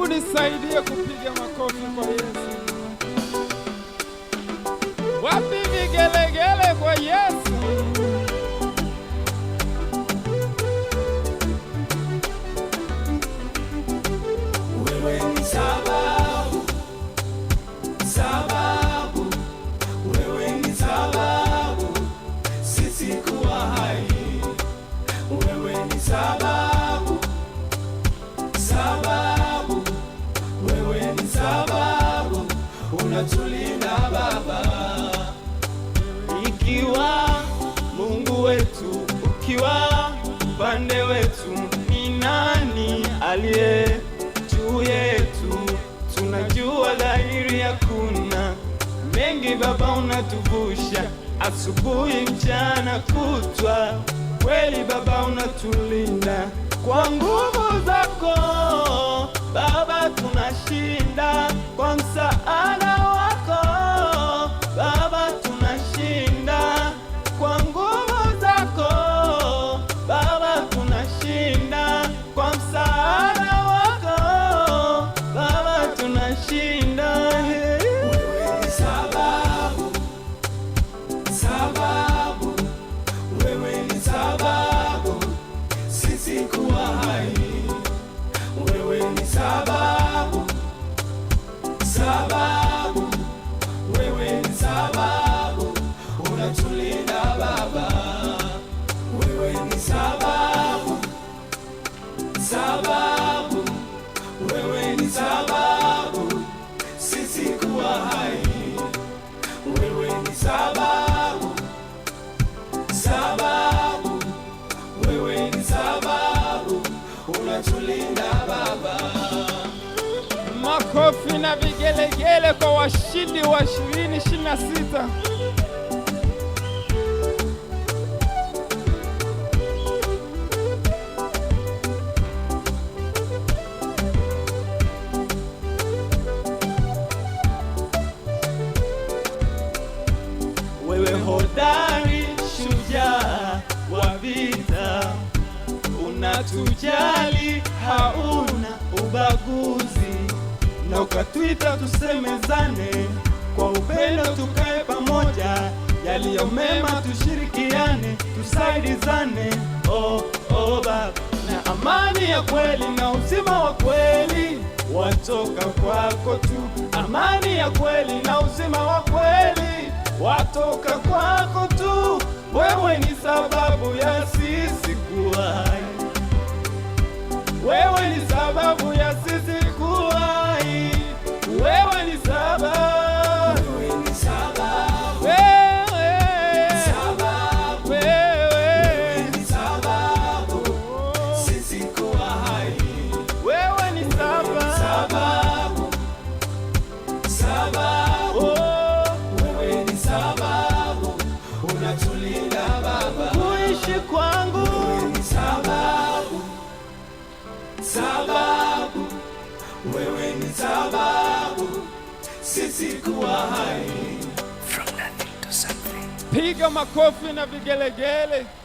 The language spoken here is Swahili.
Hebu nisaidie kupiga makofi kwa Ikiwa upande wetu ni nani aliye juu yetu, tunajua dhahiri ya kuna mengi. Baba, unatuvusha asubuhi, mchana kutwa, kweli Baba unatulinda kwa nguvu zako Baba, tunashinda unatulinda Baba. Makofi na vigelegele kwa washindi wa 2026. Wewe hodari, shujaa wa vita, unatujali hauna ubaguzi, na ukatwita tusemezane kwa upendo, tukae pamoja, yaliyo mema tushirikiane, tusaidizane oh, oh, Baba, na amani ya kweli na uzima wa kweli watoka kwako tu, amani ya kweli na uzima wa kweli watoka kwako tu. Wewe ni sababu ya sisi kuwa kuishi kwangu sababu, sababu, wewe ni sababu sisi kuwa hai. From nothing to something. Piga makofi na vigelegele.